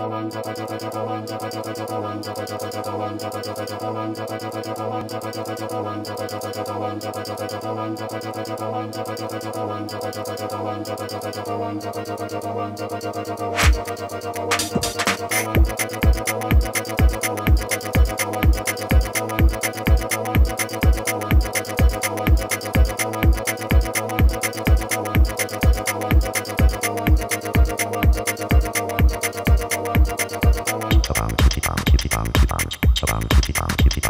One, two, three, four, five, six, seven, eight, nine, ten, eleven, twelve, thirteen, fourteen, fifteen, sixteen, seventeen, eighteen, nineteen, twenty, twenty-one, twenty-two, twenty-three, twenty-four, twenty-five, twenty-six, twenty-seven, twenty-eight, twenty-nine, thirty.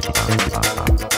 Thank you.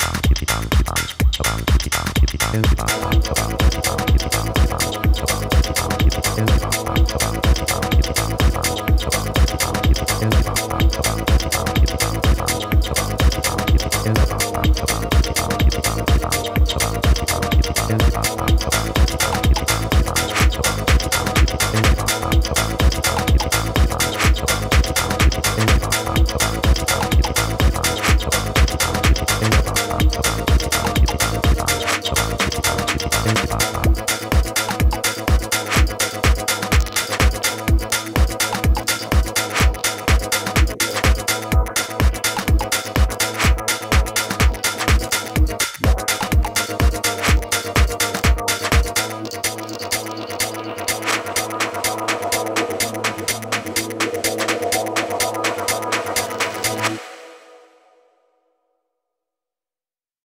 Thank you.